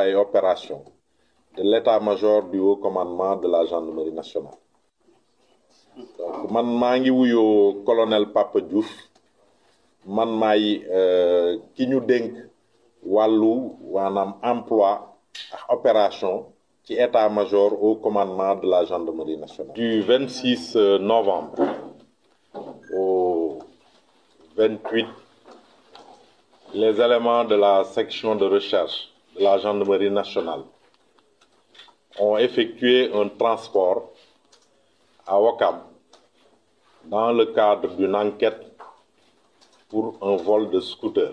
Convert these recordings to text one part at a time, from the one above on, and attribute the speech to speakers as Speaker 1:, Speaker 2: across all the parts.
Speaker 1: et opérations de l'état-major du haut commandement de la gendarmerie nationale man maa ngi wuyoo colonel Papa Diouf man maay euh, ki ñu dénk wàllu maanaam emploi ak opération ci état-major au commandement de la gendarmerie nationale du 26 euh, novembre au 28 les éléments de la section de recherche de la gendarmerie nationale ont effectué un transport à Wakam dans le cadre d'une enquête pour un vol de scooter.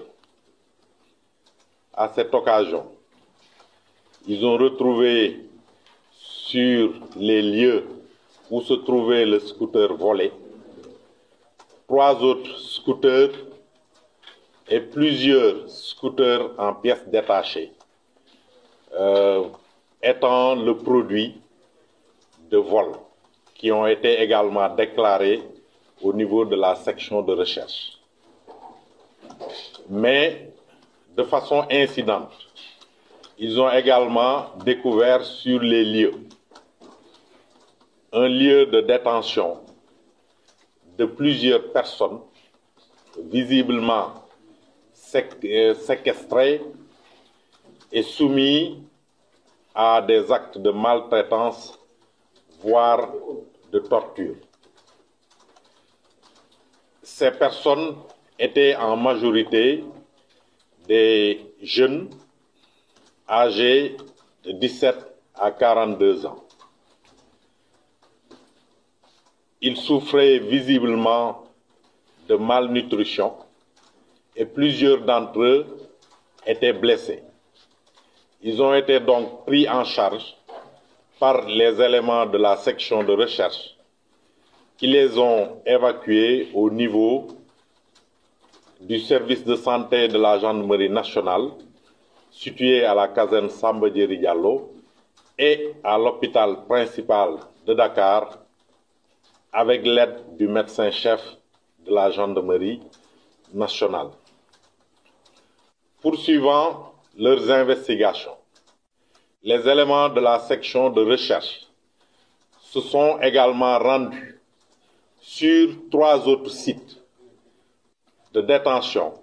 Speaker 1: À cette occasion, ils ont retrouvé sur les lieux où se trouvait le scooter volé trois autres scooters et plusieurs scooters en pièces détachées. euh, étant le produit de vol qui ont été également déclarés au niveau de la section de recherche. Mais de façon incidente, ils ont également découvert sur les lieux un lieu de détention de plusieurs personnes visiblement euh, séquestrées est soumis à des actes de maltraitance, voire de torture. Ces personnes étaient en majorité des jeunes âgés de 17 à 42 ans. Ils souffraient visiblement de malnutrition et plusieurs d'entre eux étaient blessés. Ils ont été donc pris en charge par les éléments de la section de recherche qui les ont évacués au niveau du service de santé de la gendarmerie nationale situé à la caserne Samba Diallo et à l'hôpital principal de Dakar avec l'aide du médecin-chef de la gendarmerie nationale, poursuivant leurs investigations. Les éléments de la section de recherche se sont également rendus sur trois autres sites de détention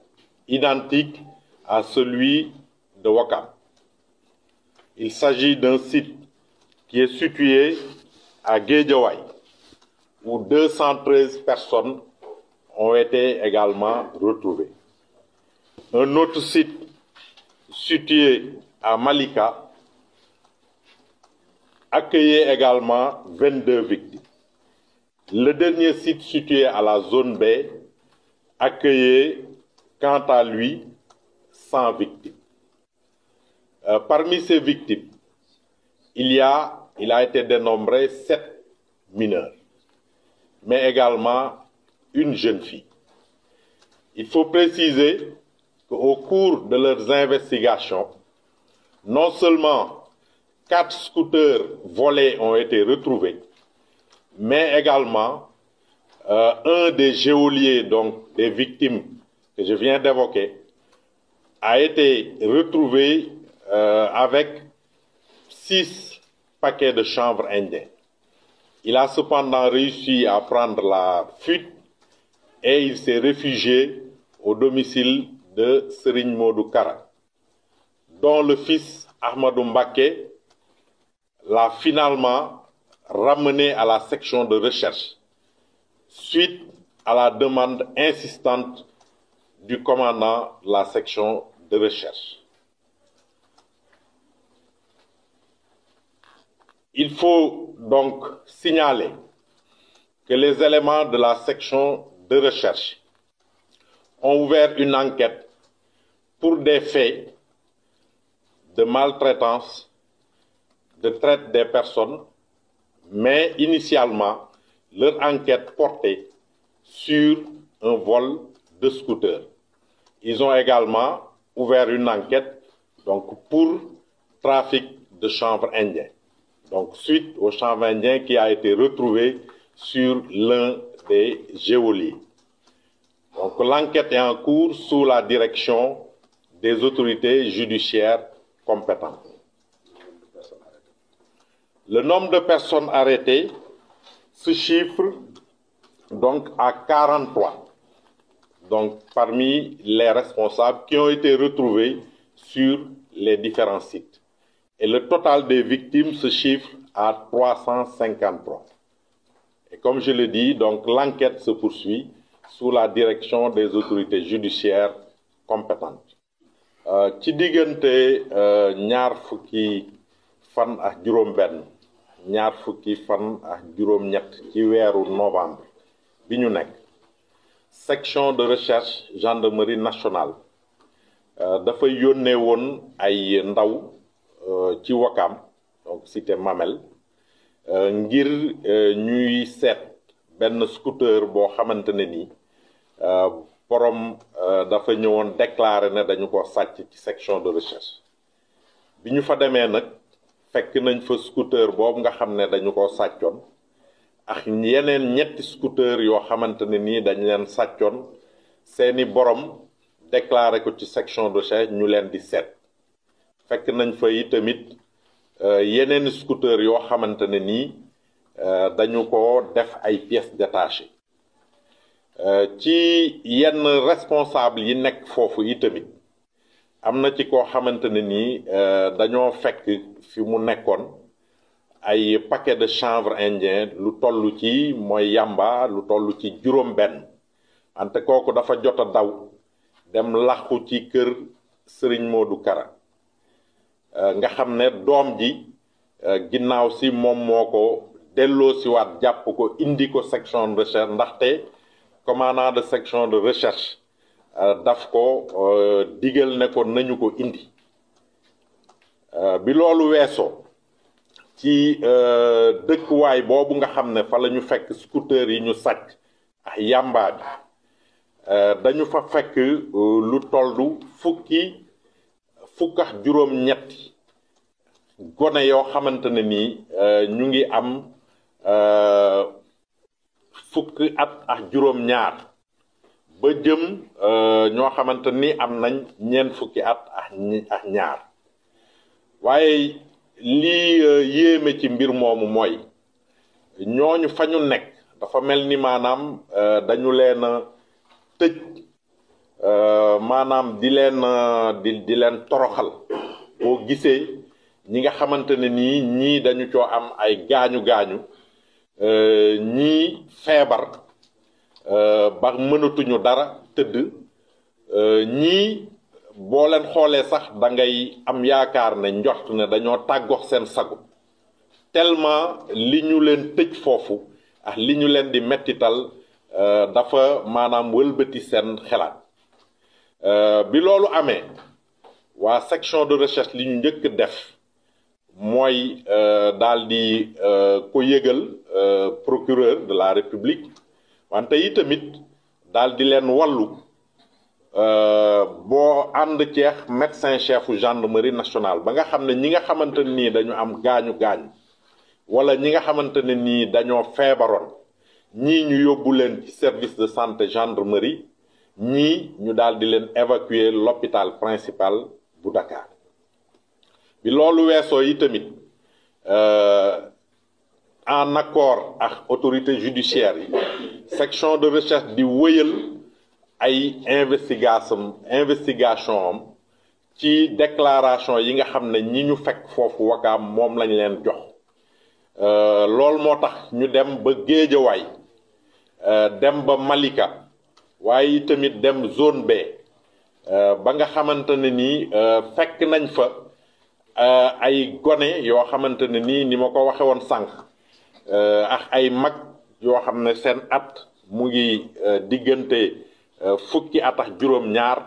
Speaker 1: identiques à celui de Wakam. Il s'agit d'un site qui est situé à Guédiawaye, où 213 personnes ont été également retrouvées. Un autre site situé à Malika, accueillé également 22 victimes. Le dernier site situé à la zone B accueillait quant à lui victimes. Euh, parmi ces victimes, il y a, il a été dénombré 7 mineurs, mais également une jeune fille. Il faut préciser qu'au cours de leurs investigations, non seulement quatre scooters volés ont été retrouvés, mais également euh, un des géoliers, donc des victimes que je viens d'évoquer, a été retrouvé euh, avec six paquets de chanvre indien. Il a cependant réussi à prendre la fuite et il s'est réfugié au domicile de Serigne du Kara, dont le fils Ahmadou Mbaké l'a finalement ramené à la section de recherche suite à la demande insistante du commandant de la section de recherche. Il faut donc signaler que les éléments de la section de recherche ont ouvert une enquête pour des faits de maltraitance de traite des personnes, mais initialement, leur enquête portait sur un vol de scooter. Ils ont également ouvert une enquête donc, pour trafic de chanvre indien. Donc, suite au chanvre indien qui a été retrouvé sur l'un des géoliers. Donc, l'enquête est en cours sous la direction des autorités judiciaires compétentes. Le nombre de personnes arrêtées se donc à 43. Donc parmi les responsables qui ont été les différents sites. Et le total des victimes se chiffre à 353. Et comme je le donc l'enquête se poursuit sous la direction des autorités judiciaires compétentes. Euh, ci diggante euh, ñaar fan ak juróom ñaar fukki fan ak juróom-ñett ci weeru novembre bi ñu nekk section de recherche gendarmerie nationale euh, dafa yónnee woon ay ndaw euh, ci Wakam donc cité Mamel euh, ngir ñuy seet benn scooter boo xamante ne nii borom dafa ñëwoon déclaré ne dañu ko sàcc ci section de recherche bi ñu fa demee nag. fekk nañ fa scooter boobu nga xam ne dañu ko sàccoon ak yeneen ñetti scooter yoo xamante ne nii dañ leen sàccoon seeni borom déclarer ko ci section de recherche ñu leen di seet fekk nañ fa itamit euh, yeneen scooter yoo xamante ne nii euh, dañu ko def ay pièces détachées euh, ci yenn responsable yi nekk foofu yi tamit am na ci koo xamante ne nii euh, dañoo fekk fi mu nekkoon ay paquet de chanvre indien lu toll ci mooy yàmba lu toll ci juróom-benn ante kooku dafa jot a daw dem làqu ci kër sëriñ du Kara euh, nga xam ne doom ji euh, ginnaaw si moom moo ko delloo siwaat jàpp ko indi ko section de recherche ndaxte commandant de section de recherche Euh, daf ko euh, digal ne ko nañu ko indi euh, bi loolu weesoo ci dëkkuwaay boobu nga xam ne fa la ñu fekk scooter yi ñu sàcc ak yàmbaa bi dañu fa fekk lu tollu fukki fukk ak juróom ñetti gone yoo xamante ne nii ñu ngi am fukk at ak juróom ñaar ba jëm euh, ñoo xamante ni am nañ ñeent fukki at ak ñaar waaye lii euh, yéeme ci mbir moomu mooy ñooñu fa ñu nekk dafa mel ni maanaam euh, dañu leen a tëj maanaam di leen di di leen toroxal boo gisee ñi nga xamante ne nii ñii dañu coo am ay gaañu gaañu ñii feebar. Euh, ba mënatuñu dara tëdd euh, ñii boo leen xoolee sax da ngay am yaakaar ne njort ne dañoo tàggox seen sago tellement li ñu leen tëj foofu ak li ñu leen di mettital euh, dafa maanaam wëlbati seen xelaat bi loolu amee waa section de recherche li ñu njëkk def mooy daal di ko yëgal procureur de la république wante yi tamit daal di leen wàllu euh, boo ànd ceex médecin chefu gendarmerie nationale ba nga xam ne ñi nga xamante ne nii dañu am gaañu gaañu wala ñi nga xamante ne nii dañoo feebaroon ñii ñu yóbbu leen ci service de santé gendarmerie ñii ñu daal di leen évacuer l'hôpital principal bu Dakar bi loolu weesoo yi tamit euh, en accord ak autorité judiciaire yi section de recherche di wëyal ay investigation am ci déclaration yi nga xam ne ñi ñu fekk foofu wakaam moom lañ leen jox euh, loolu moo tax ñu dem ba géejawaay euh, dem ba Malika waaye tamit dem zone B euh, ba nga xamante ne nii fekk nañ fa ay gone yoo xamante ne nii ni ma ko waxe woon sànq ak ay mag yoo xam ne seen at mu ngi euh, diggante euh, fukki at ak juróom-ñaar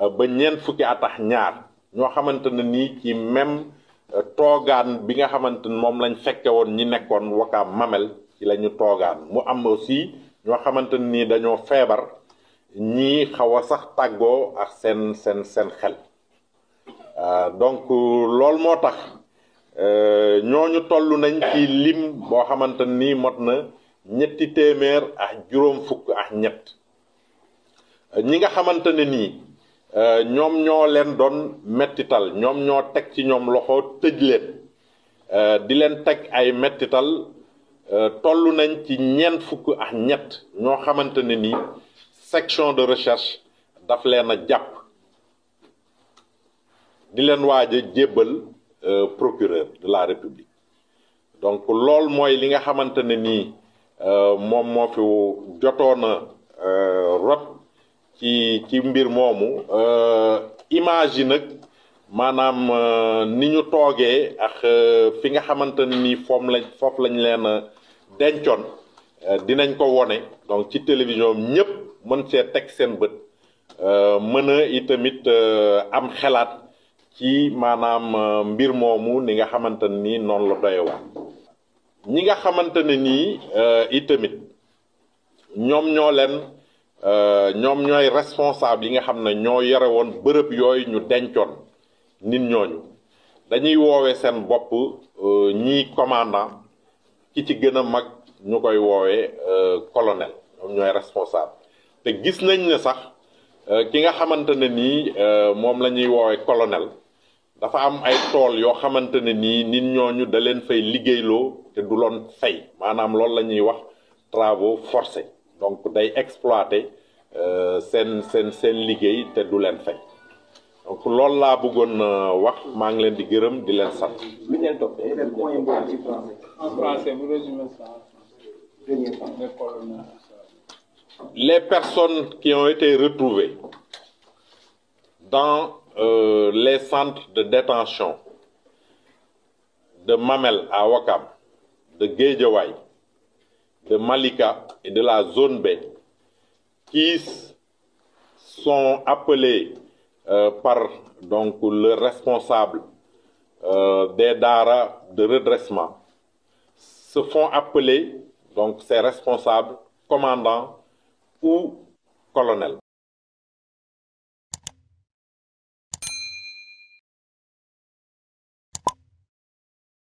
Speaker 1: euh, ba ñeent fukki at ñaar ñoo xamante ne nii ci même toogaan bi nga xamante ne moom lañ fekke woon ñi nekkoon wakaam mamel ci lañu toogaan mu am aussi ñoo xamante nii dañoo feebar ñii xaw a sax tàggoo ak seen seen seen xel donc loolu moo tax ñooñu toll nañ ci lim boo xamante nii mot na ñetti téeméer ak juróom fukk ak ñett ñi nga xamante ne nii euh, ñoom ñoo leen doon mettital ñoom ñoo teg ci ñoom loxo tëj leen euh, di leen teg ay mettital euh, toll nañ ci ñeent fukk ak ñett ñoo xamante ne nii section de recherche daf leen a jàpp di leen waaj a jébbal procureur de la république donc lool mooy li nga xamante ne nii Euh, moom moo fi jotoon a euh, rot ci ci mbir moomu euh, image yi nag maanaam ni ñu toogee ak fi nga xamante nii foom lañ foofu lañ leen dencoon dinañ ko wone donc ci télévision ñëpp mën see teg seen bët mën a itamit am xelaat ci maanaam mbir moomu ni nga xamante ni noonu la doyewaan ñi nga xamante ne nii euh, tamit ñoom ñoo leen euh, ñoom ñooy responsable yi nga xam ne ñoo yore woon bërëb yooyu ñu dencoon nit ñooñu dañuy woowe seen bopp euh, ñii commandant ki ci gën a mag ñu koy woowee colonel ñoom ñooy responsable te gis nañ ne sax ki nga xamante ne nii moom la ñuy woowee colonel dafa am ay tool yoo xamante ne nii nit ñooñu da leen fay liggéeyloo te du loon fay maanaam loolu la ñuy wax travaux forcés donc day exploiter euh, seen seen seen liggéey te du leen fay donc loolu laa bëggoon euh, wax maa ngi leen di gërëm di leen sat les personnes qui ont été retrouvées dans euh, les centres de détention de Mamel à Wakam de Guédiawaye, de Malika et de la zone B qui sont appelés euh, par donc le responsable euh, des daara de redressement se font appeler donc ces responsables commandants ou colonels